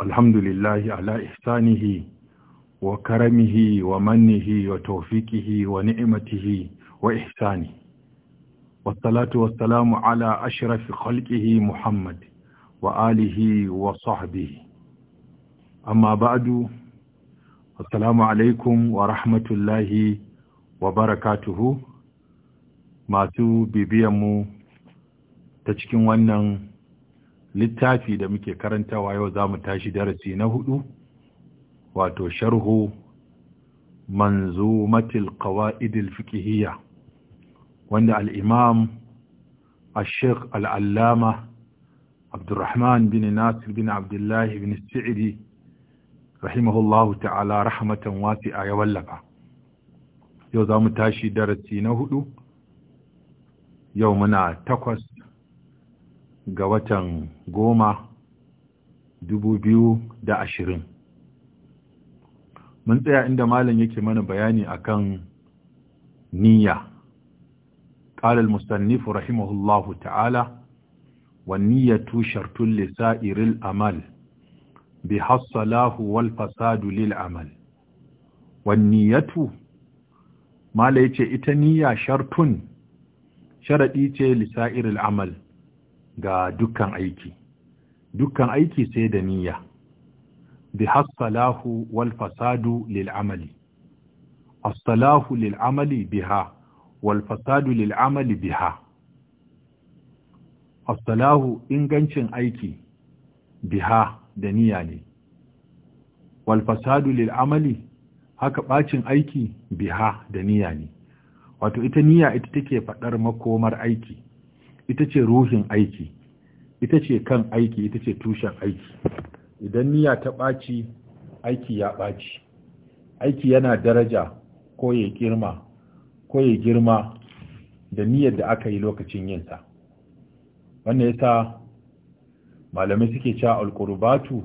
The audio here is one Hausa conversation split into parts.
walhamdulillahi ala ihsanihi wa karamihi wa mannihi wa tawfiqihi wa ni'matihi wa ihsani wa salamu ala ashrafi khalqihi muhammad wa alihi wa sahbihi amma ba'du assalamu alaikum wa rahmatullahi wa barakatuhu masu bibiyanmu ta cikin wannan littafi da muke karantawa yau za mu tashi darasi na hudu wato sharhu manzumatil qawa'idil fiqhiyya wanda al-imam al-sheikh al-allama Abdurrahman bin Nasir bin Abdullahi, bin Sa'idi rahimahullahu ta'ala rahmatan wasi'a ya wallafa yau za mu tashi darasi na hudu yau muna takwas ga watan goma dubu biyu da ashirin mun tsaya inda malam yake mana bayani akan niyya ƙalar mustanifu rahimahullahu ta'ala wa niyyatu shartun lisa'iril amal bi hassalahu wal fasadu lil amal wa niyyatu malai ce ita niyya shartun Sharaɗi ce lisa'iril amal ga dukkan aiki dukkan aiki sai da niyya bi hasalahu wal fasadu lil amali as-salahu lil amali biha wal fasadu lil amali biha as-salahu ingancin aiki biha da niyya ne wal fasadu lil amali haka bacin aiki biha da niyya ne wato ita niyya ita take fadar makomar aiki ita ce ruhin aiki ita ce kan aiki ita ce tushen aiki idan niyya ta ɓaci aiki ya ɓaci aiki yana daraja ko ya girma ko ya girma da niyyar da aka yi lokacin yinsa wannan yasa malamai suke cewa alqurbatu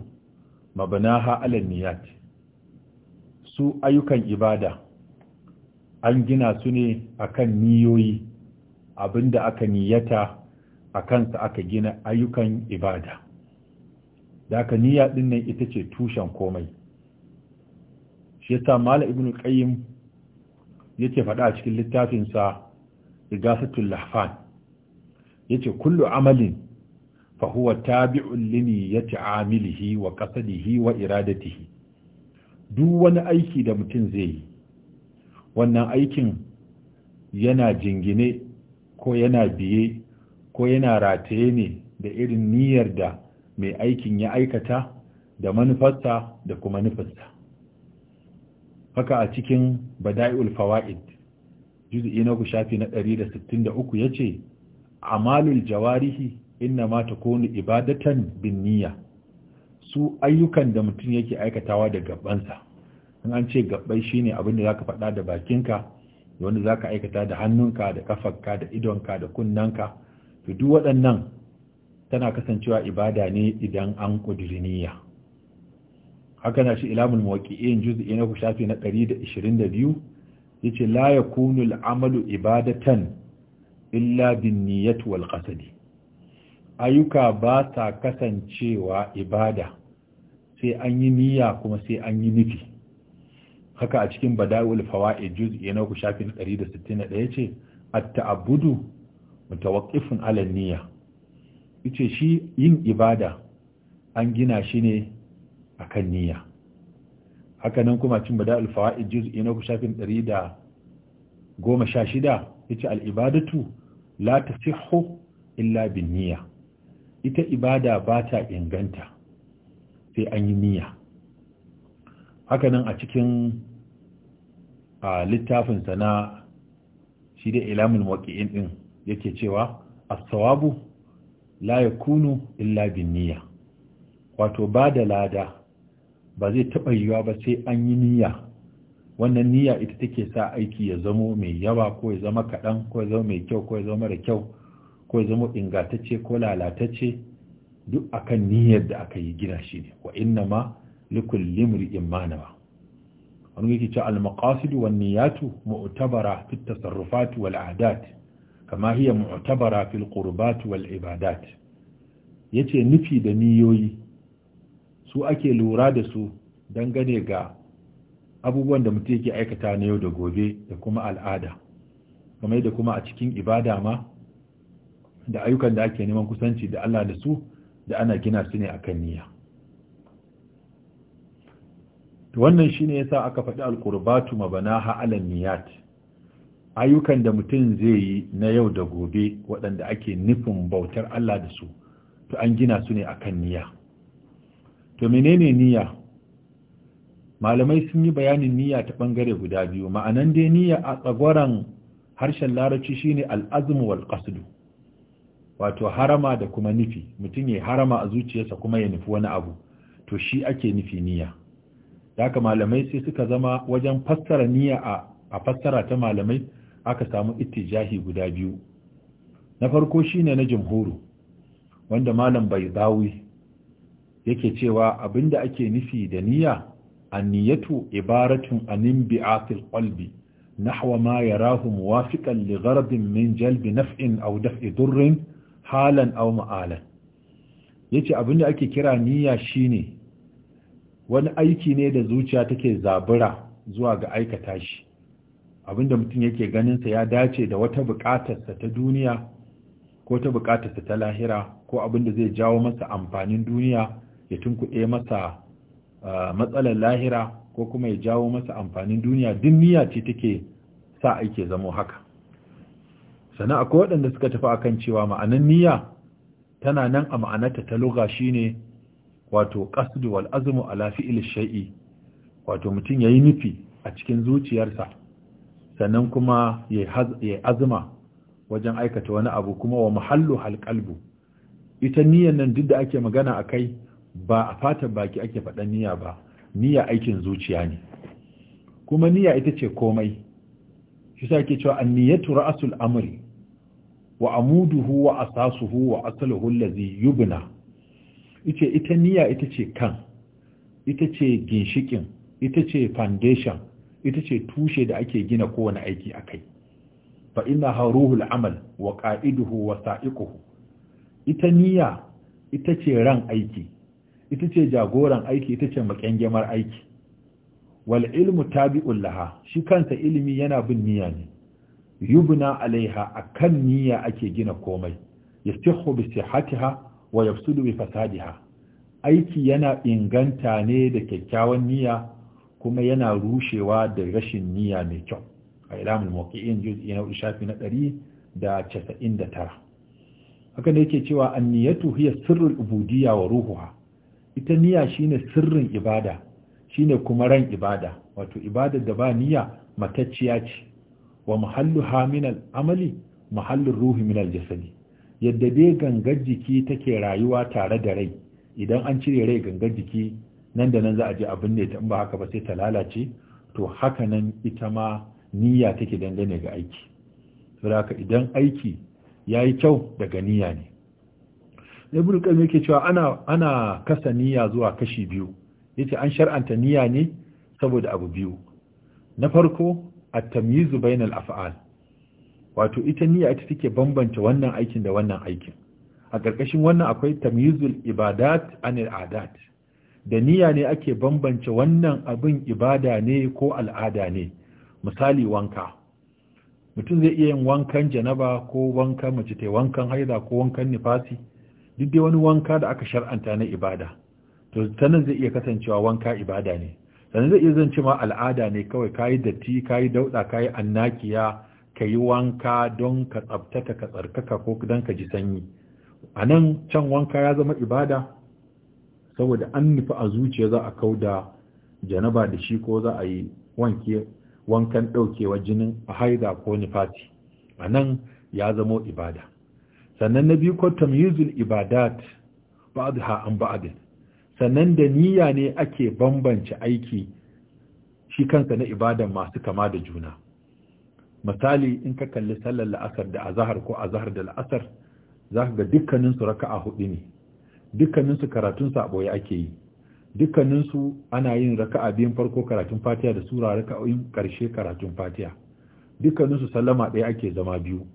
mabnaha ala niyyat su ayyukan ibada an gina su ne akan niyoyi abin da aka niyyata a kansa aka gina ayyukan ibada da aka niyya ɗin nan ita ce tushen komai shi yasa mala ibn qayyim yake faɗa a cikin littafinsa igasatul lahfan yace kullu amalin fa huwa tabi'un li niyyati amilihi wa qasdihi wa iradatihi duk wani aiki da mutum zai yi wannan aikin yana jingine ko yana biye ko yana rataye ne da irin niyyar da mai aikin ya aikata da manufarsa da kuma nufarsa haka a cikin badaul fawaid juz'i na shafi na Ɗari da uku 163 yace amalul jawarihi inna mata takunu ibadatan bin niyya su ayyukan da mutum yake aikatawa da gabansa in an ce gabbai shine abin da zaka faɗa da bakinka wanda za ka aikata da hannunka da kafarka da idonka da kunnanka to duk waɗannan tana kasancewa ibada ne idan an ƙudiri niyya haka na shi ilamul muwaƙi'in juz'i na ku da na 122 yace la yakunu al'amalu ibadatan illa bin niyyati wal qasdi ayyuka ba sa kasancewa ibada sai an yi niyya kuma sai an yi nufi haka a cikin badawul fawaid juz'i na ku shafin 161 ce at-ta'abbudu mutawaqqifun 'ala niyya yace shi yin ibada an gina shi ne akan niyya haka nan kuma cin badawul fawaid juz'i na ku shafin 116 yace al-ibadatu la tasihhu illa bin niyya ita ibada ba ta inganta sai an yi niyya haka nan a cikin a littafinsa na shi da ilamin waƙi'in ɗin yake cewa asawabu la ya kunu illa bin wato ba da lada ba zai taɓa yiwa ba sai an yi niyya wannan niyya ita take sa aiki ya zamo mai yawa ko ya zama kaɗan ko ya zama mai kyau ko ya zama mara kyau ko ya zama ingantacce ko lalatacce duk akan niyyar da aka yi gina shi ne wa inna ma likullimri mri'in manawa wani yake ce al maqasidu wan niyatu mu'tabara fi at-tasarrufat wal adat kama hiya mu'tabara fi al-qurbat wal ibadat yace nufi da niyoyi su ake lura da su dangane ga abubuwan da mutum yake aikata na yau da gobe da kuma al'ada kuma da kuma a cikin ibada ma da ayyukan da ake neman kusanci da Allah da su da ana gina su ne akan niyya to wannan shine yasa aka faɗi alqurbatu bana ha'alan niyat ayyukan da mutum zai yi na yau da gobe waɗanda ake nufin bautar Allah da su to an gina su ne akan niyya to menene niyya malamai sun yi bayanin niyya ta ɓangare guda biyu ma'anan dai niyya a tsagwaron harshen larabci shine al'azmu wal qasdu wato harama da kuma nufi mutum ya harama a zuciyarsa kuma ya nufi wani abu to shi ake nufi niyya haka malamai sai suka zama wajen fassara niyya a a fassara ta malamai aka samu ittijahi guda biyu na farko shine na jumhuru wanda malam bai dawi yake cewa abinda ake nufi da niyya anniyatu ibaratun anin bi'atil qalbi nahwa ma yarahu muwafiqan li gharadin min jalbi naf'in aw daf'i durrin halan aw ma'alan yace abinda ake kira niyya shine wani aiki ne da zuciya take zabura zuwa ga aikata shi abinda mutum yake ganinsa ya dace da wata bukatarsa ta duniya ko ta buƙatarsa ta lahira ko abinda zai jawo masa amfanin duniya ya tunkuɗe masa matsalar lahira ko kuma ya jawo masa amfanin duniya duk niyya ce take sa aike zamo haka sannan akwai waɗanda suka tafi akan cewa ma'anan niyya tana nan a ma'anarta ta luga shine wato qasdu wal azmu ala fi'l shay'i wato mutum yayi nufi a cikin zuciyarsa sannan kuma yayi azuma wajen aikata wani abu kuma wa mahallu halqalbu ita niyan nan duk da ake magana a kai, ba a fatan baki ake faɗan niyya ba niyya aikin zuciya ne kuma niyya ita ce komai shi sa ke cewa anniyatu ra'sul amri wa amuduhu wa asasuhu wa asaluhu allazi yubna ce ita niyya ita ce kan ita ce ginshikin ita ce foundation ita ce tushe da ake gina kowane aiki akai fa inna ruhul amal wa qa'iduhu wa sa'iquhu ita niyya ita ce ran aiki ita ce jagoran aiki ita ce makengemar aiki wal ilmu tabi'ul laha shi kansa ilimi yana bin niyya ne yubna alaiha akan niyya ake gina komai yastahu bi sihhatiha wa yafsudu bi fasadiha aiki yana inganta ne da kyakkyawan niyya kuma yana rushewa da rashin niyya mai kyau a ilamul muqiin juz'i na shafi na 199 haka ne yake cewa anniyatu hiya sirrul ubudiyya wa ruhuha ita niyya shine sirrin ibada shine kuma ran ibada wato ibadar da ba niyya matacciya ce wa muhallu haminal amali muhallin ruhi minal jasadi yadda dai gangar jiki take rayuwa tare da rai idan an cire rai gangar jiki nan da nan za a je abin ne ta in ba haka ba sai ta lalace to haka nan ita ma niyya take dangane ga aiki saboda idan aiki yayi kyau daga niyya ne ibn qayyim yake cewa ana ana kasa niyya zuwa kashi biyu yace an shar'anta niyya ne saboda abu biyu na farko at-tamyizu bainal af'al wato ita niyya ita take bambanta wannan aikin da wannan aikin a ƙarƙashin wannan akwai tamyizul ibadat anil adat da niyya ne ake bambance wannan abin ibada ne ko al'ada ne misali wanka mutum zai iya yin wankan janaba ko wankan mace ta wankan haida ko wankan nifasi duk dai wani wanka da aka shar'anta na ibada to sanan zai iya kasancewa wanka ibada ne sannan zai iya zance ma al'ada ne kawai kayi datti kayi dauda kayi annakiya ka yi wanka don ka tsabtaka ka tsarkaka ko don ka ji sanyi a nan can wanka ya zama ibada saboda an nufi a zuciya za a kau da janaba da shi ko za a yi wanke wankan ɗaukewa jinin a haida ko nifati a nan ya zama ibada sannan na biyu ko tamyizul ibadat ba'dha an ba'd sannan da niyya ne ake bambance aiki shi kansa na ibadan masu kama da juna misali in ka kalli sallar la'asar da azahar ko azahar da la'asar za ka ga dukkaninsu a hudu ne dukkaninsu karatun a boye ake yi dukkaninsu ana yin raka'a biyun farko karatun fatiya da sura yin ƙarshe karatun dukkanin dukkaninsu sallama ɗaya ake zama biyu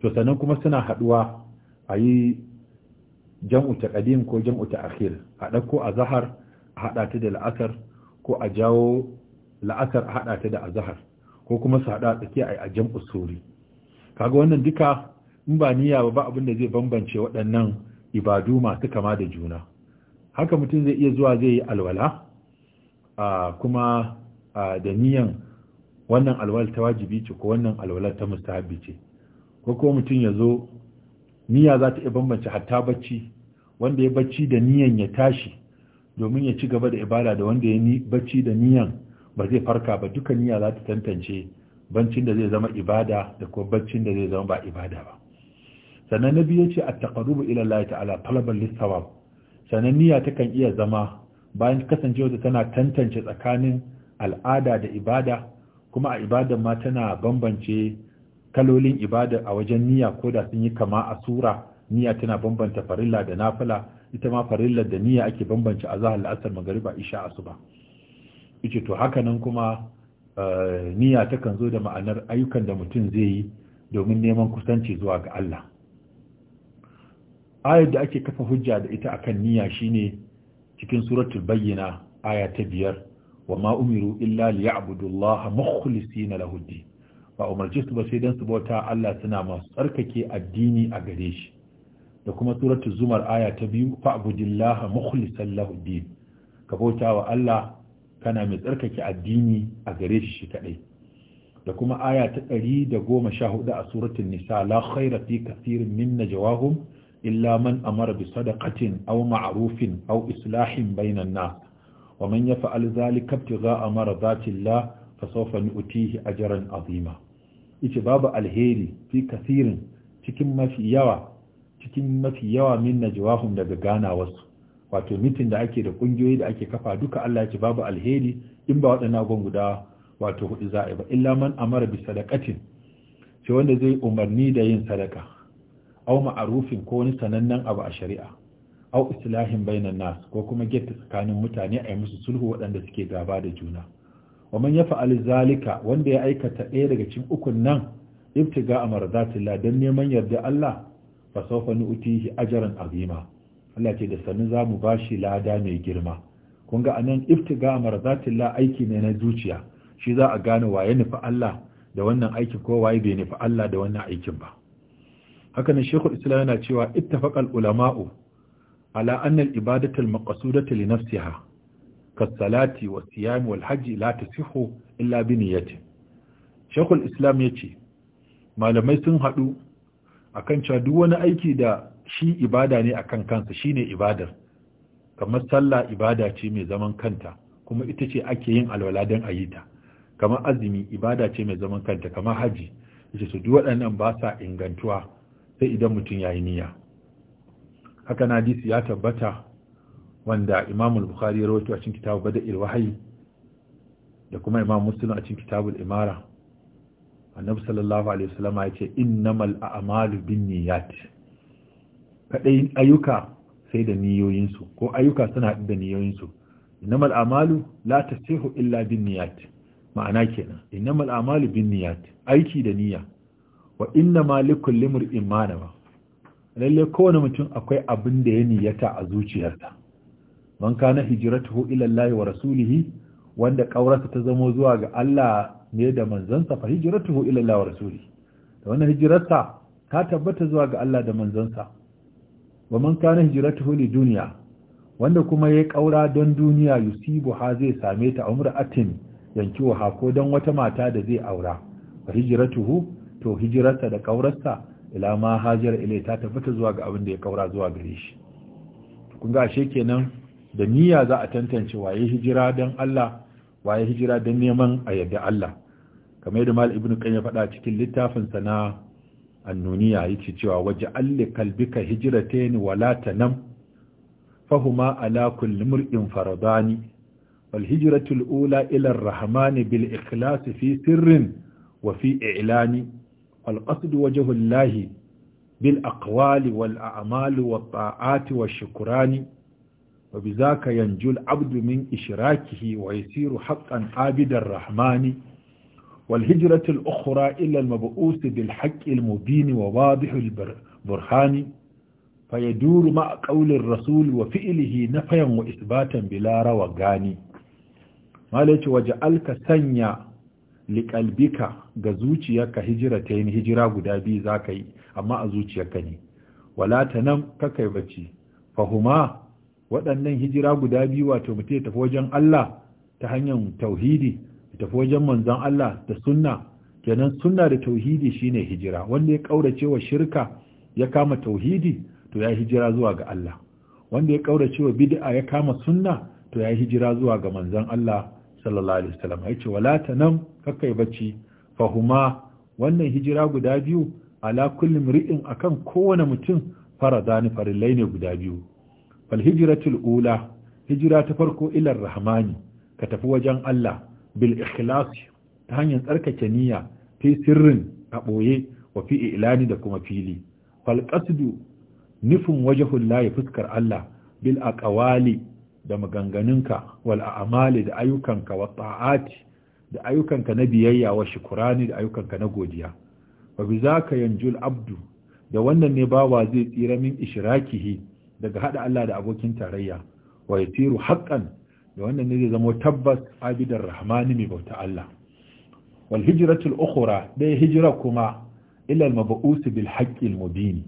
to sannan kuma suna haɗuwa a yi jam'u ta ƙadim ko jam'u ta akhir a ɗauko a zahar ta da la'asar ko a jawo la'asar a haɗa ta da azahar ko kuma su haɗa tsakiya a jam'u usuri kaga wannan duka in ba niyya ba ba abin da zai bambance waɗannan ibadu masu kama da juna haka mutum zai iya zuwa zai yi alwala kuma da niyan wannan alwala ta wajibi ce ko wannan alwala ta mustahabi ce ko kuma mutum ya zo niyya za ta iya bambance hatta bacci wanda ya bacci da niyan ya tashi domin ya ci gaba da ibada da wanda ya bacci da niyan ba zai farka ba duka niyya za ta tantance bancin da zai zama ibada da kuma bancin da zai zama ba ibada ba sannan na biyu ce a taqarrubu ila Allah ta'ala talabar lissawa sannan niyya ta kan iya zama bayan kasancewa tana tantance tsakanin al'ada da ibada kuma a ibada ma tana bambance kalolin ibada a wajen niyya ko da sun yi kama a sura niyya tana bambanta farilla da nafila ita ma farilla da niyya ake bambance a zahar la'asar Magariba isha asuba yace to hakanan kuma eh, niyya takan zo da ma'anar ayyukan da mutum zai yi domin neman kusanci zuwa ga Allah ayar da ake kafa hujja da ita akan niyya shine cikin suratul bayyina aya ta biyar wa ma umiru illa liya'budullaha mukhlisina lahu din ba umarci su ba sai dan su bauta Allah suna masu tsarkake addini a gare shi da kuma suratul zumar aya ta biyu fa'budillaha mukhlisan lahu din ka bauta wa Allah kana mai tsarkake addini a gare shi shi kaɗai da kuma aya ta ɗari da goma sha hudu a suratun nisa la khayra fi kasirin min jawahum illa man amara bi sadaqatin aw ma'rufin aw islahin bainan nas wa man yaf'al dhalika ibtigha'a maradati llah fa sawfa nu'tihi ajran 'azima ice babu alheri fi kasirin cikin mafi yawa cikin mafi yawa min najwahum daga wato mitin da ake da kungiyoyi da ake kafa duka Allah ya ce babu alheri in ba waɗannan abubuwan guda wato hudu za a yi ba illa man amara bi sadaqatin sai wanda zai umarni da yin sadaka aw ma'arufin ko wani sanannen abu a shari'a aw islahin bainan nas ko kuma getta tsakanin mutane a yi musu sulhu waɗanda suke gaba da juna wa man yafa'al zalika wanda ya aikata ɗaya daga cikin ukun nan ibtiga zatillah dan neman yarda Allah fa sawfa nu'tihi ajran azima Allah ce da sannu za mu ba shi lada mai girma kun ga anan iftiga marzatillah aiki ne na zuciya shi za a gane waye nufi Allah da wannan aiki ko waye bai nufi Allah da wannan aikin ba haka ne shekul islam yana cewa ittafaqal ulama'u ala anna al-ibadatu maqsudatu li nafsiha kasalati wa siyami wal hajji la tasihu illa bi niyyati shekul islam yace malamai sun hadu akan cewa duk wani aiki da shi ibada ne akan kansa shi ne ibadar kamar sallah ibada ce mai zaman kanta kuma ita ce ake yin alwala don a yi ta kamar azumi ibada ce mai zaman kanta kamar haji ita su duk waɗannan ba sa ingantuwa sai idan mutum ya yi niyya haka na hadisi ya tabbata wanda imam al-bukhari ya rawaito a cikin kitabu bada wahayi da kuma imam muslim a cikin kitabul imara annabi sallallahu alaihi wasallam ya ce innamal a'malu binniyat Kaɗai ayyuka sai da niyoyinsu ko ayyuka suna haɗu da niyoyinsu innamal amalu la tasihu illa bin niyat ma'ana kenan innamal amalu bin niyat aiki da niyya wa inna ma likulli mur'in ma nawa lalle kowane mutum akwai abin da ya niyyata a zuciyarsa man kana hijratuhu ila Allah wa rasulihi wanda kaurarsa ta zamo zuwa ga Allah ne da manzansa fa hijratuhu ila Allah wa rasulihi da wannan hijirarsa ta tabbata zuwa ga Allah da manzansa wa man kana hijratuhu li dunya wanda kuma ya kaura don duniya yusibu ha zai same ta umratin yanki wa ko don wata mata da zai aura wa hijratuhu to hijirarsa da kaurarsa ila ma hajar ilai ta tabbata zuwa ga abin da ya kaura zuwa gare shi kun ga ashe kenan da niyya za a tantance waye hijira don Allah waye hijira don neman a yadda Allah kamar yadda mal ibnu kan ya faɗa cikin littafin sa na annuniya yake cewa waje alli kalbika hijratain wala tanam fahuma ala kulli mur'in faradani wal hijratu al-ula ila ar-rahman bil ikhlas fi sirrin wa fi i'lani wal qasd wajhu allahi bil aqwali wal a'mali wat ta'ati wash shukrani وبذاك ينجو العبد من إشراكه ويسير حقا عابد الرحمن wal hijratul ukhra ila al mab'us bil a al mubin wa wadih al burhani فيدور مع قول الرسول وفعله نفيا وإثباتا بلا روغاني مالك وجعلك سنيا لقلبك غزوچيك هجرتين هجرة غدابي زاكي أما أزوچيك ني ولا تنم kakai bacci, فهما waɗannan hijira guda biyu wato mutum ya tafi wajen Allah ta hanyar tauhidi tafi wajen manzon Allah da sunna kenan sunna da tauhidi shine hijira wanda ya kaurace wa shirka ya kama tauhidi to ya hijira zuwa ga Allah wanda ya kaurace wa bid'a ya kama sunna to ya hijira zuwa ga manzon Allah sallallahu alaihi wasallam yace wala tanam bacci fahuma wannan hijira guda biyu ala kullum ri'in akan kowane mutum faradani farillai ne guda biyu fal hijratul ula hijira ta farko ilar rahmani ka tafi wajen Allah bil ikhlas ta hanyar tsarkake niyya fi sirrin a ɓoye wa fi ilani da kuma fili fal qasdu nufin wajhullahi fuskar Allah bil aqwali da maganganunka wal a'mali da ayyukanka wa ta'ati da ayyukanka na biyayya wa shukrani da ayyukanka na godiya wa bi zaka yanjul abdu da wannan ne bawa zai tsira min ishrakihi daga hada Allah da abokin tarayya wa yatiru haqqan da wannan ne zai zama tabbas abidar rahmani mai bauta Allah wal hijratul ukhra dai hijira kuma ila al mab'us bil haqqi al mubin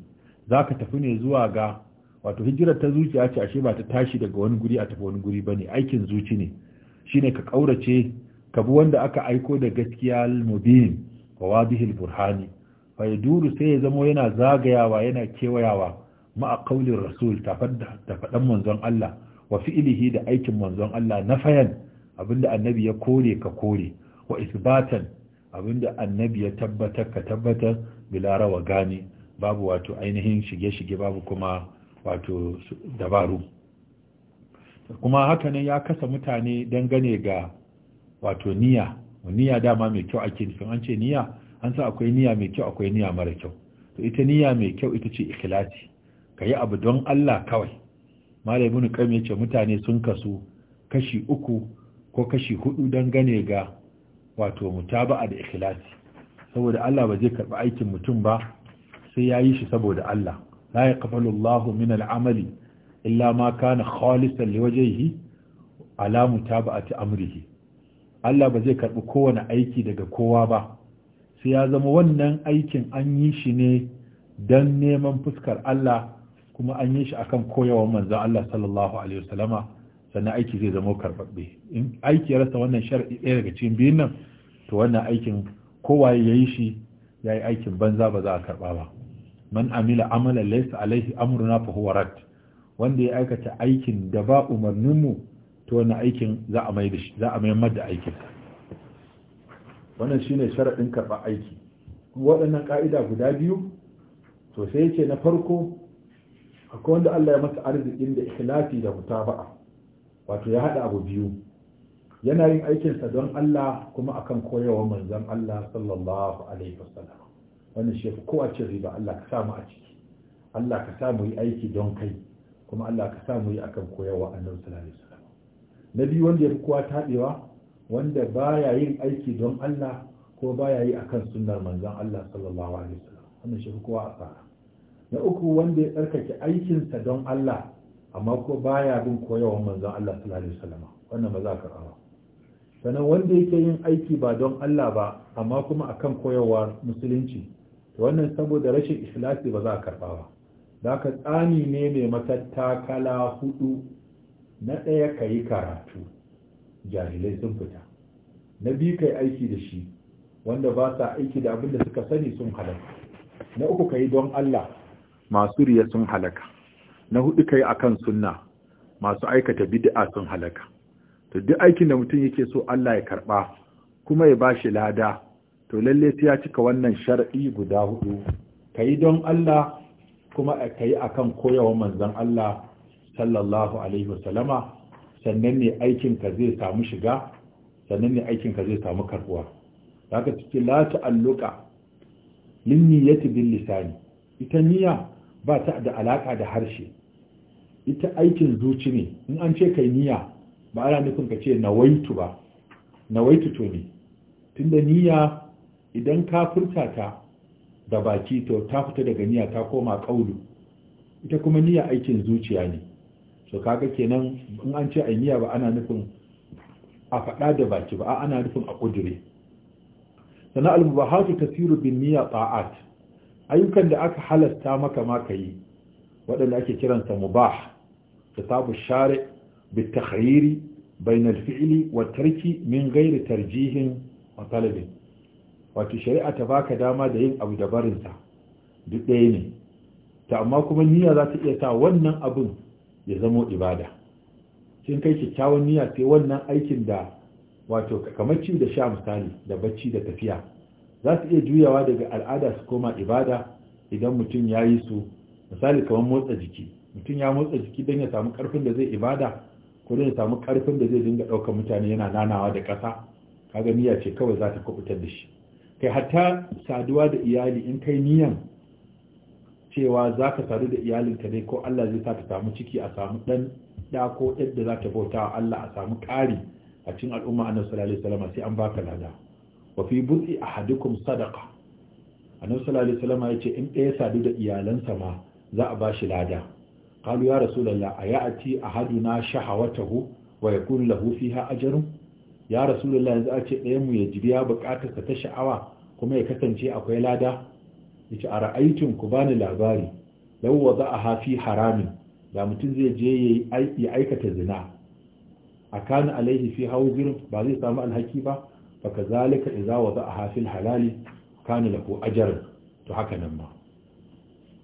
zaka tafi ne zuwa ga wato hijrar ta zuciya ce ashe ba ta tashi daga wani guri a tafi wani guri bane aikin zuci ne shine ka kaurace ka bi wanda aka aiko da gaskiya al mubin wa wadihi al burhani fa yaduru sai ya zama yana zagayawa yana kewayawa ma'a qaulin rasul ta faɗan manzon Allah wa fi'ilihi da aikin manzon Allah na fayan abinda annabi ya kore ka kore wa isbatan abinda annabi ya tabbatar ka tabbatar bila rawa gani babu wato ainihin shige-shige babu kuma wato dabaru kuma haka ne ya kasa mutane dangane ga wato niyya niyya dama mai kyau ake nufin an ce niyya an sa akwai niyya mai kyau akwai niyya mara kyau to ita niyya mai kyau ita ce ikhlasi ka yi abu don Allah kawai malam ibn kam yace mutane sun kasu kashi uku ko kashi hudu gane ga wato mutaba'a da ikhlasi saboda Allah ba zai karba aikin mutum ba sai yayi shi saboda Allah la yaqbalu Allahu min al-amali illa ma kana khalisan liwajhihi ala mutaba'ati amrihi Allah ba zai karbi kowane aiki daga kowa ba sai ya zama wannan aikin an yi shi ne dan neman fuskar Allah kuma an yi shi akan koyawar manzon Allah sallallahu alaihi wasallama sannan aiki zai zama karɓaɓɓe in aiki rasa wannan shar'i ɗaya daga cikin biyun nan to wannan aikin kowa ya yi shi ya yi aikin banza ba za a karba ba man amila amalan laysa alaihi amruna fa huwa rad wanda ya aikata aikin da ba umarnin mu to wannan aikin za a mai da za a mai da aikin wannan shine sharaɗin karba aiki waɗannan ka'ida guda biyu to sai yace na farko akwai wanda Allah ya masa arzikin da ikhlasi da mutaba'a wato ya hada abu biyu yana yin aikinsa don Allah kuma akan koyarwa manzon Allah sallallahu alaihi wasallam wannan shi ko a ce riba Allah ka samu a ciki Allah ka samu yi aiki don kai kuma Allah ka samu yi akan koyarwa annabi sallallahu alaihi wasallam na biyu wanda ya fi kowa tabewa wanda baya yin aiki don Allah ko baya yi akan sunnar manzon Allah sallallahu alaihi wasallam wannan shi kowa tsara na uku wanda ya tsarkake aikinsa don Allah amma ko baya bin koyawan manzon Allah sallallahu alaihi wasallam wannan ba za ka karawa sannan wanda yake yin aiki ba don Allah ba amma kuma akan koyawar musulunci to wannan saboda rashin ikhlasi ba za ka karba ba za ka tsani ne mai matattakala hudu na ɗaya ka yi karatu jahilai sun fita na biyu ka yi aiki da shi wanda ba sa aiki da abin da suka sani sun halatta na uku ka yi don Allah masu riya sun halaka na hudu kai akan sunna masu aikata bid'a sun halaka to duk aikin da mutum yake so Allah ya karba kuma ya bashi lada to lalle sai ya cika wannan shar'i guda hudu kai don Allah kuma kai akan koyawa manzon Allah sallallahu alaihi wasallama sannan ne aikin ka zai samu shiga sannan ne aikin ka zai samu karbuwa haka cikin la ta'alluqa min niyyati bil lisani ita niyya ba ta da alaka da harshe ita aikin zuci ne in an ce kai niyya ba ana nufin ka ce nawaitu ba nawaitu to ne tunda niyya idan ka furta ta da baki to ta fita daga niyya ta koma kaulu ita kuma niyya aikin zuciya ne To kaga kenan in an ce ai niyya ba ana nufin a faɗa da baki ba ana nufin a ƙudiri. sana'al mubahatu tasiru bin niyya ta'at ayyukan da aka halasta maka ma ka yi waɗanda ake kiransa mubah da share bi takhayyiri bain alfi'li wa tarki min ghairi tarjihin wa talabin wato shari'a ta baka dama da yin abu da barinsa duk ɗaya ne ta amma kuma niyya za ta iya sa wannan abun ya zamo ibada Kin kai kyakkyawan niyya sai wannan aikin da wato kamar ci da sha misali da bacci da tafiya za su iya juyawa daga al'ada su koma ibada idan mutum ya yi su misali kamar motsa jiki mutum ya motsa jiki don ya samu karfin da zai ibada ko don ya samu karfin da zai dinga ɗaukar mutane yana nanawa da ƙasa ga niyya ce kawai za ta kubutar da shi kai hatta saduwa da iyali in kai niyan cewa za ka sadu da iyalinka ne? ko Allah zai sa ka samu ciki a samu ɗan ɗa ko yadda za ta bauta wa Allah a samu ƙari a cikin al'umma annabi sallallahu alaihi wasallam sai an baka lada wa fi bu'i ahadikum sadaqa annabi sallallahu alaihi wasallam yace in ɗaya sadu da iyalansa ma za a bashi lada qalu ya rasulullah ayati ahaduna shahawatahu wa yakun lahu fiha ajru ya rasulullah yanzu a ce ɗayan mu ya jibiya ka ta sha'awa kuma ya kasance akwai lada yace a ra'aytun ku bani labari law wada'aha fi haramin da mutum zai je ya aikata zina a kana alaihi fi hawzir ba zai samu alhaki ba faka zalika idza a hafil halali da ko ajar to haka nan ma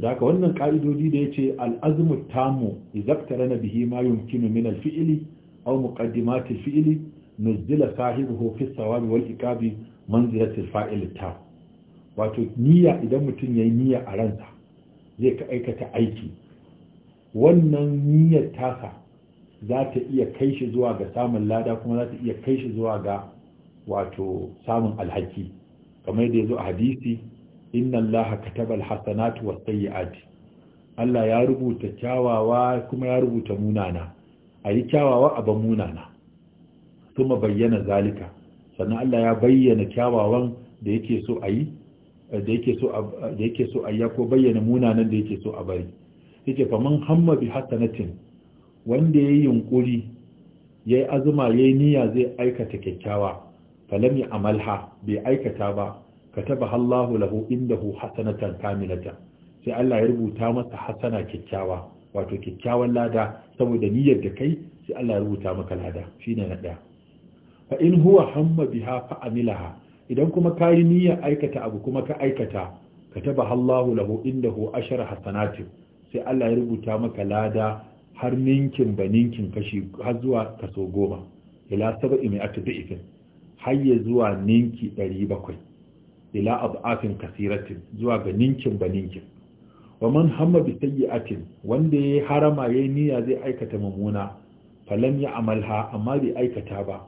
da haka wannan ka'idodi da yace al-azmu tamu idza qarana bihi ma yumkinu min al-fi'li aw muqaddimat al-fi'li nuzila sahibihi fi as-sawabi wal-iqabi fail ta wato niyya idan mutum yayi niyya a ransa zai ka aikata aiki wannan niyyar tasa za ta iya kai shi zuwa ga samun lada kuma za ta iya kai shi zuwa ga wato samun alhaki kamar yadda ya zo a hadisi inna allaha kataba alhasanatu wasayyiati Allah ya rubuta kyawawa kuma ya rubuta munana ayi kyawawa a ban munana kuma bayyana zalika sannan Allah ya bayyana kyawawan da yake so ayi da yake so da yake so ayi ko bayyana munanan da yake so a bari yake man hamma bi hasanatin wanda yayi yunkuri yayi azuma yayi niyya zai aikata kyakkyawa falam ya amalha bai aikata ba kataba Allahu lahu indahu hasanatan kamilatan sai Allah ya rubuta masa hasana kyakkyawa wato kyakkyawan lada saboda niyyar da kai sai Allah ya rubuta maka lada shine na daya fa in hamma biha fa amilaha idan kuma kayi niyyar aikata abu kuma ka aikata kataba Allahu lahu hu ashara hasanatin sai Allah ya rubuta maka lada har ninkin ba ninkin kashi har zuwa kaso goma ila sab'i mi'ati bi'ifin hayye zuwa ninki 700 ila ab'afin kasiratin zuwa ga ninkin ba ninkin wa man hamma bi sayyi'atin wanda yayi harama yayi niyya zai aikata mamuna falam ya amalha amma bai aikata ba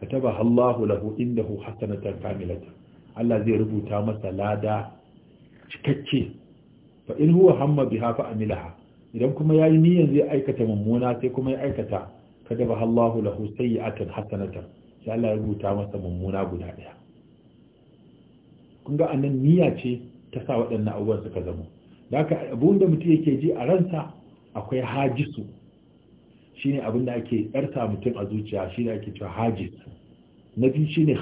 kataba Allahu lahu indahu hasanatan kamilatan Allah zai rubuta masa lada cikakke fa in huwa hamma biha fa amilaha idan kuma yayi niyyan zai aikata mamuna sai kuma ya aikata kataba Allahu lahu sayyi'atan hasanatan sai Allah ya rubuta masa mummuna guda ɗaya kun ga annan niyya ce ta sa waɗannan abubuwan suka zama da haka abun da mutum yake ji a ransa akwai hajisu Shi ne abin da ake ƙarsa mutum a zuciya shi ne ake cewa hajis na biyu shine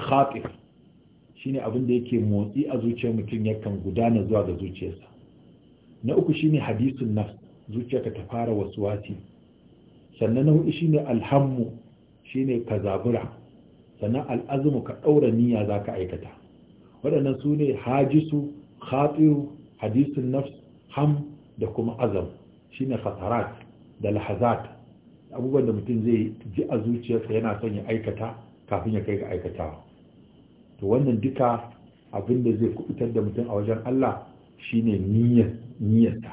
Shi ne abin da yake motsi a zuciyar mutum yakan gudana zuwa ga zuciyarsa na uku shi ne hadisun na zuciyarka ta fara wasu wasi sannan na hudu ne alhammu Shi shine kazabura sannan al'azumu ka ɗaura niyya za ka aikata waɗannan su ne hajisu khatiru hadisun nafs ham da kuma azam shi ne da lahazat abubuwan da mutum zai ji a zuciyarsa yana son ya aikata kafin ya kai ga aikatawa to wannan duka abin da zai kubutar da mutum a wajen Allah shine ne niyyarsa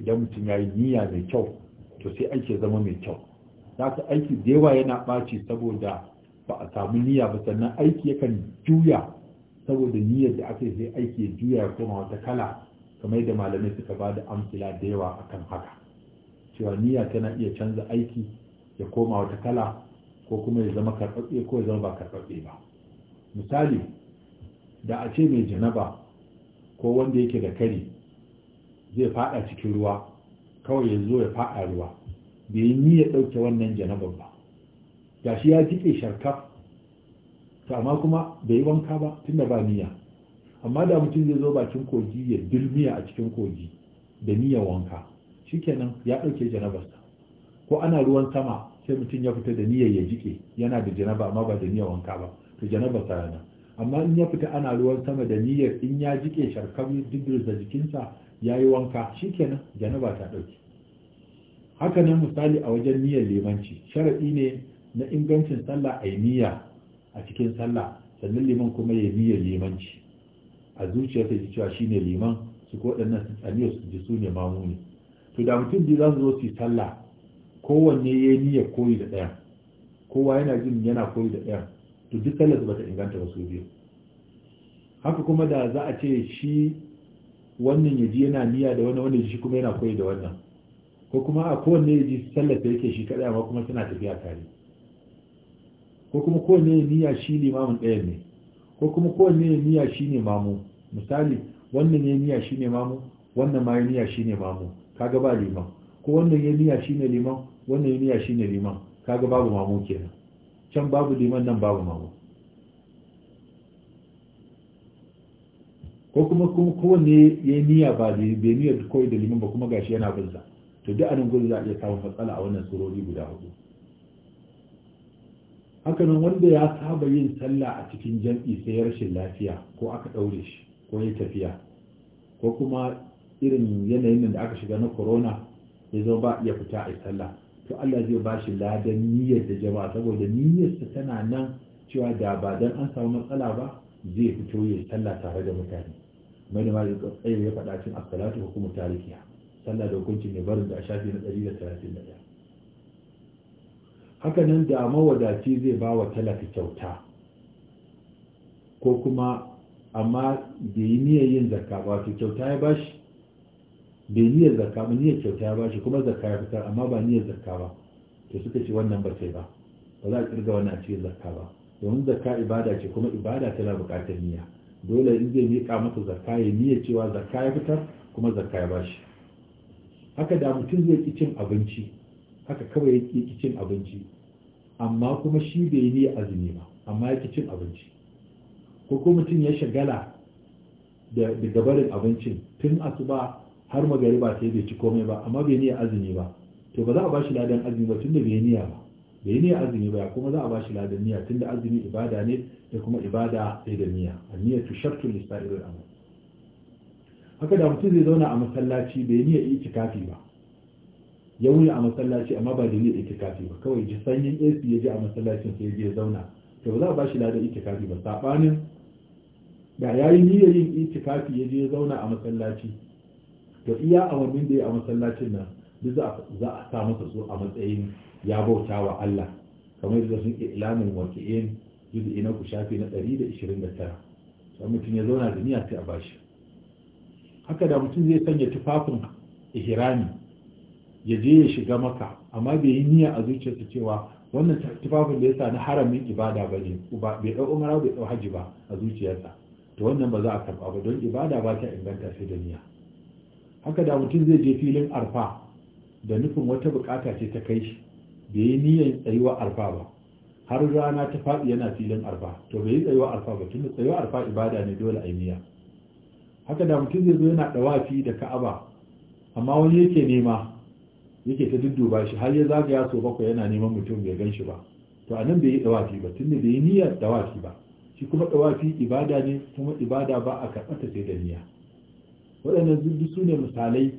idan mutum ya yi niyya mai kyau to sai aiki zama mai kyau za aiki da yawa yana ɓaci saboda ba a samu niyya ba sannan aiki yakan juya saboda niyyar da aka yi sai aiki ya juya ya koma wata kala kamar da malamai suka ba da amsila da yawa akan haka cewa niyya tana iya canza aiki ya koma wata kala ko kuma ya zama karɓaɓɓe ko ya zama ba karɓaɓɓe ba misali da a ce mai janaba ko wanda yake da kari zai faɗa cikin ruwa kawai ya zo ya faɗa ruwa bai yi niyyar ɗauke wannan janabar ba Yashi ya cike sharka to amma kuma bai yi wanka ba tun da ba niyya amma da mutum zai zo bakin kogi ya dulmiya a cikin kogi da niyya wanka kenan ya ɗauke janabarsa ko ana ruwan sama sai mutum ya fita da niyya ya jike yana da janaba amma ba da niyya wanka ba to sa yana amma in ya fita ana ruwan sama da niyyar in ya jike sharkar ya da jikinsa ya yi wanka kenan janaba ta ɗauke haka nan misali a wajen niyyar limanci sharaɗi ne na ingancin sallah a niyya a cikin sallah sannan liman kuma ya yi limanci a zuciya ta ji cewa ne liman su ko waɗannan su tsaniyar su ji su ne mamuni to da mutum biyu za su zo su yi sallah kowanne ya yi niyyar koyi da ɗaya kowa yana jin yana koyi da ɗaya to duk sallar ba ta inganta ba su biyu haka kuma da za a ce shi wannan ya ji yana niyya da wani wanda shi kuma yana koyi da wannan ko kuma a kowanne ya ji sallar da yake shi kaɗai amma kuma suna tafiya tare ko kuma kowane niyya shi ne mamun ɗaya ne ko kuma kowane niyya shi ne mamu misali wannan ya niyya shi ne mamu wannan ma ya niyya shi ne mamu kaga ba liman ko wannan ya niyya shi ne liman wannan ya niyya shi ne liman kaga babu mamu kenan can babu liman nan babu mamu ko kuma kuma kowanne ya niyya ba bai niyya koyi da liman ba kuma gashi yana bin to duk anan gudu za a iya samun matsala a wannan surori guda hudu haka nan wanda ya saba yin sallah a cikin jam'i sai ya rashin lafiya ko aka ɗaure shi ko ya tafiya ko kuma irin yanayin da aka shiga na corona ya zo ba iya fita a sallah to Allah zai ba shi ladan niyyar da jama'a saboda sa tana nan cewa da ba dan an samu matsala ba zai fito ya sallah tare da mutane mai da mai tsaye ya faɗa cin as-salatu hukumu tarikiya sallah da hukunci ne barin da a shafi na 131 haka nan da mawadaci zai ba wa talaka kyauta ko kuma amma bai yi niyyar yin zakka ba su kyauta ya bashi yi niyyar zakka ba niyyar kyauta ya shi kuma zakka ya fitar amma ba niyyar zakka ba to suka ce wannan ba sai ba ba za a kirga wannan a cikin zakka ba domin zakka ibada ce kuma ibada tana buƙatar niyya dole in zai miƙa masa zakka ya niyya cewa zakka ya fitar kuma zakka ya bashi haka da mutum zai ki cin abinci haka kawai yake cin abinci amma kuma shi bai yi azumi ba amma yake cin abinci ko ko mutum ya shagala da gabarin abincin tun asuba har magariba sai bai ci komai ba amma bai niyya azumi ba to ba za a bashi ladan azumi ba tunda bai niyya ba bai niyya azumi ba kuma za a bashi ladan niyya tunda azumi ibada ne da kuma ibada sai da niyya niyya tu shartul lisa'il al haka da mutum zai zauna a masallaci bai niyya itikafi ba ya wuya a masallaci amma ba da niyyar itikafi ba kawai ji sanyin AC ya ji a masallacin sai ya je zauna to ba za a ba shi ladan itikafi ba sabanin da yi niyyar yin itikafi ya je ya zauna a masallaci to iya awannin da ya a masallacin nan duk za a sa masa su a matsayin ya bauta wa Allah kamar yadda sun ilamin waki'in juz'i ina ku shafi na 129 sai mutum ya zauna da niyyar sai a ba shi. haka da mutum zai sanya tufafin ihrami ya je ya shiga maka amma bai yi niyya a zuciyarsa cewa wannan tufafin da ya sa na haramin ibada ba ne bai ɗau umara bai ɗau haji ba a zuciyarsa to wannan ba za a karɓa ba don ibada ba ta inganta sai da niyya haka da mutum zai je filin arfa da nufin wata bukata ce ta kai shi bai yi niyyar tsayuwa arfa ba har rana ta faɗi yana filin arfa to bai yi tsayuwa arfa ba tun tsayuwa arfa ibada ne dole a yi niyya haka da mutum zai zo yana ɗawafi da ka'aba amma wani yake nema yake ta dudduba shi har ya zagaya so bakwai yana neman mutum bai gan shi ba to a nan bai yi dawafi ba tunda bai yi niyyar dawafi ba shi kuma dawafi ibada ne kuma ibada ba a karɓata sai da niyya waɗannan zuddu su ne misalai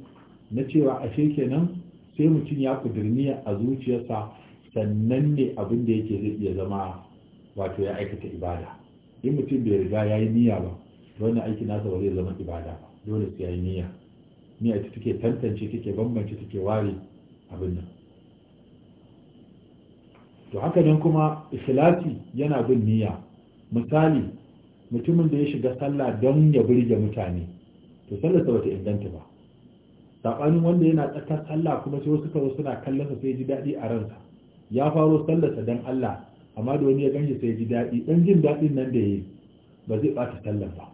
na cewa ashe kenan sai mutum ya ƙudiri niyya a zuciyarsa sannan ne abin da yake zai iya zama wato ya aikata ibada in mutum bai riga ya yi niyya ba wannan aiki nasa ba zai zama ibada ba dole sai ya yi niyya niyya ta take tantance take bambance take ware abin nan to haka nan kuma islati yana bin niyya misali mutumin da ya shiga sallah don ya birge mutane to sa bata inganta ba saɓanin wanda yana tsakar sallah kuma sai wasu kawo suna kallonsa sai ji daɗi a ransa ya faro sallar sa don Allah amma da wani ya ganshi sai ji daɗi dan jin dadin nan da ya ba zai bata sallar ba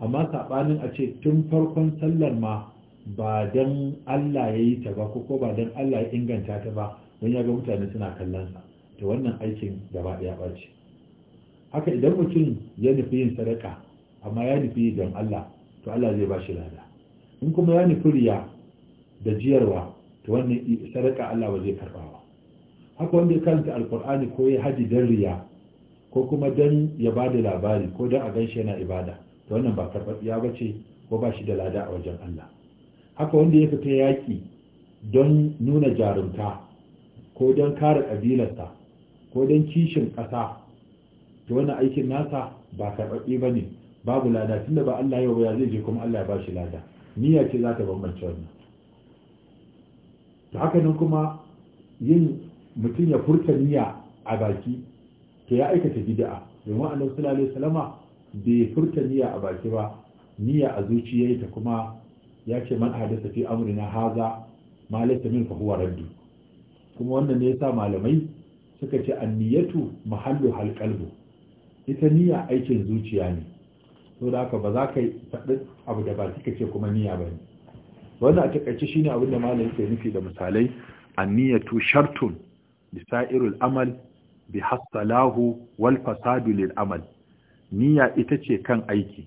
amma saɓanin a ce tun farkon sallar ma ba dan Allah ya yi ta ba ko ba dan Allah ya inganta ta ba don ya ga mutane suna kallon sa to wannan aikin gaba ɗaya ce. haka idan mutum ya nufi yin sadaka amma ya nufi don Allah to Allah zai ba shi lada in kuma ya nufi riya da jiyarwa to wannan sadaka Allah ba zai karɓa ba haka wanda ya karanta alkur'ani ko ya haji dan riya ko kuma dan ya ba da labari ko dan a ganshi yana ibada to wannan ba karɓaɓɓiya ba ce ko ba shi da lada a wajen Allah haka wanda ya fita yaƙi don nuna jarumta ko don kare ƙabilarsa ko don kishin ƙasa to wani aikin nasa ba karɓaɓɓe ba ne babu lada tunda ba Allah yau ya zai je kuma Allah ya ba shi lada niyya ce za ta bambance wannan to haka nan kuma yin mutum ya furta niyya a baki to ya aikata bid'a domin Allah sallallahu alaihi wasallama bai furta niyya a baki ba niyya a zuciya kuma ya ce man ahadasa fi amrina haza ma laysa min fa huwa raddu kuma wannan ne yasa malamai suka ce anniyatu mahallu halqalbu ita niyya aikin zuciya ne to da haka ba za ka faɗi abu da ba kika ce kuma niyya ba ne wanda a takaice shine abin da malamai ke nufi da misalai anniyatu shartun lisairul amal bi hasalahu wal fasadu lil amal niyya ita ce kan aiki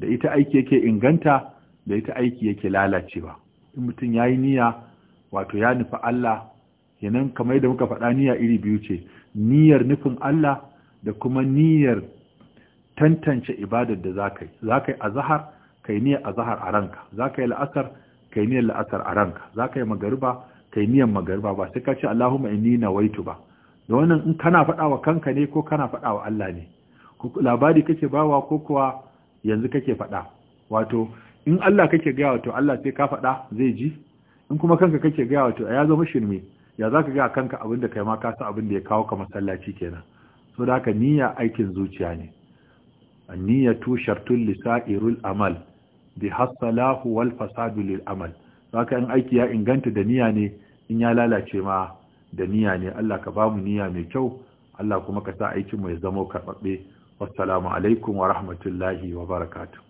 da ita aiki yake inganta da ita aiki yake lalacewa in mutum ya yi niyya wato ya nufi Allah kenan kamar yadda muka faɗa niyya iri biyu ce niyyar nufin Allah da kuma niyyar tantance ibadar da za ka yi za yi azahar kai niyyar azahar a ranka za ka yi la'asar kai niyyar la'asar a ranka za ka yi magariba kai niyyar magariba ba sai ka ce Allahumma inni nawaitu ba da wannan in kana faɗa wa kanka ne ko kana faɗa wa Allah ne labari kake bawa ko kuwa yanzu kake faɗa wato in Allah kake gaya wato Allah sai ka faɗa zai ji in kuma kanka kake gaya wato ya zama shirme ya za ka gaya kanka abin da kai ma ka sa abin da ya kawo ka masallaci kenan so da haka niyya aikin zuciya ne an-niyyatu shartul lisa'irul amal bi hasalahu wal fasadu lil amal haka in aiki ya inganta da niyya ne in ya lalace ma da niyya ne Allah ka bamu niyya mai kyau Allah kuma ka sa aikin mu ya zama karɓaɓɓe wassalamu alaikum wa rahmatullahi wa barakatuh